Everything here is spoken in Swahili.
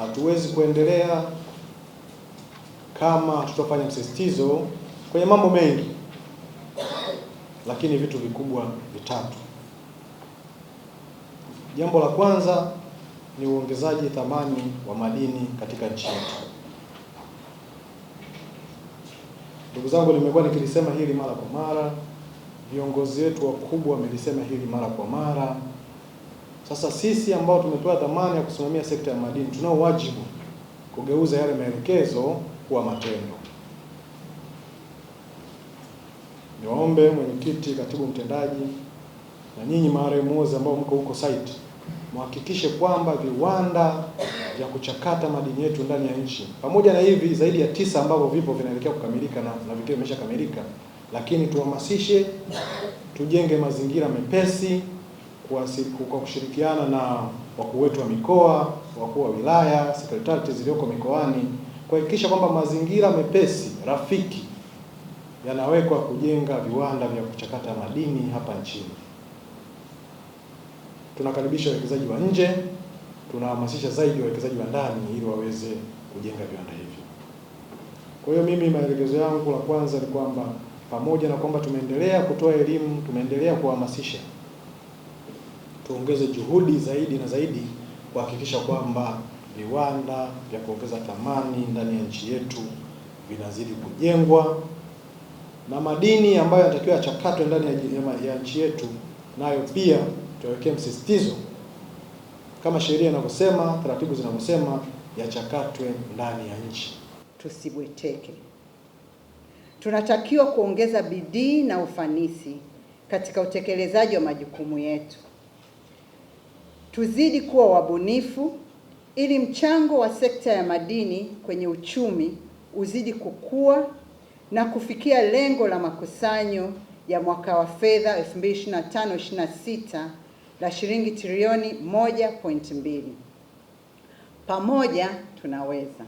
Hatuwezi kuendelea kama tutafanya msisitizo kwenye mambo mengi, lakini vitu vikubwa vitatu. Jambo la kwanza ni uongezaji thamani wa madini katika nchi yetu. Ndugu zangu, nimekuwa nikilisema hili mara kwa mara, viongozi wetu wakubwa wamelisema hili mara kwa mara. Sasa sisi ambao tumepewa dhamana ya kusimamia sekta ya madini, tunao wajibu kugeuza yale maelekezo kuwa matendo. Niwaombe mwenyekiti, katibu mtendaji na nyinyi marehemu wote ambao mko huko site, muhakikishe kwamba viwanda vya kuchakata madini yetu ndani ya nchi pamoja na hivi zaidi ya tisa ambavyo vipo vinaelekea kukamilika na, na vikiwa vimeshakamilika, lakini tuhamasishe, tujenge mazingira mepesi kwa kushirikiana na wakuu wetu wa mikoa, wakuu wa wilaya, sekretarieti zilizoko mikoani kuhakikisha kwamba mazingira mepesi rafiki yanawekwa kujenga viwanda vya kuchakata madini hapa nchini. Tunakaribisha wawekezaji wa nje, tunahamasisha zaidi wawekezaji wa ndani ili waweze kujenga viwanda hivyo. Kwa hiyo mimi maelekezo yangu la kwanza ni kwamba pamoja na kwamba tumeendelea kutoa elimu, tumeendelea kuhamasisha tuongeze juhudi zaidi na zaidi kuhakikisha kwamba viwanda vya kuongeza thamani ndani ya nchi yetu vinazidi kujengwa na madini ambayo yanatakiwa yachakatwe ndani ya nchi yetu, nayo pia tuwekee msisitizo kama sheria inavyosema, taratibu zinavyosema, yachakatwe ndani ya nchi. Tusibweteke, tunatakiwa kuongeza bidii na ufanisi katika utekelezaji wa majukumu yetu tuzidi kuwa wabunifu ili mchango wa sekta ya madini kwenye uchumi uzidi kukua na kufikia lengo la makusanyo ya mwaka wa fedha 2025/26 la shilingi trilioni 1.2. Pamoja tunaweza.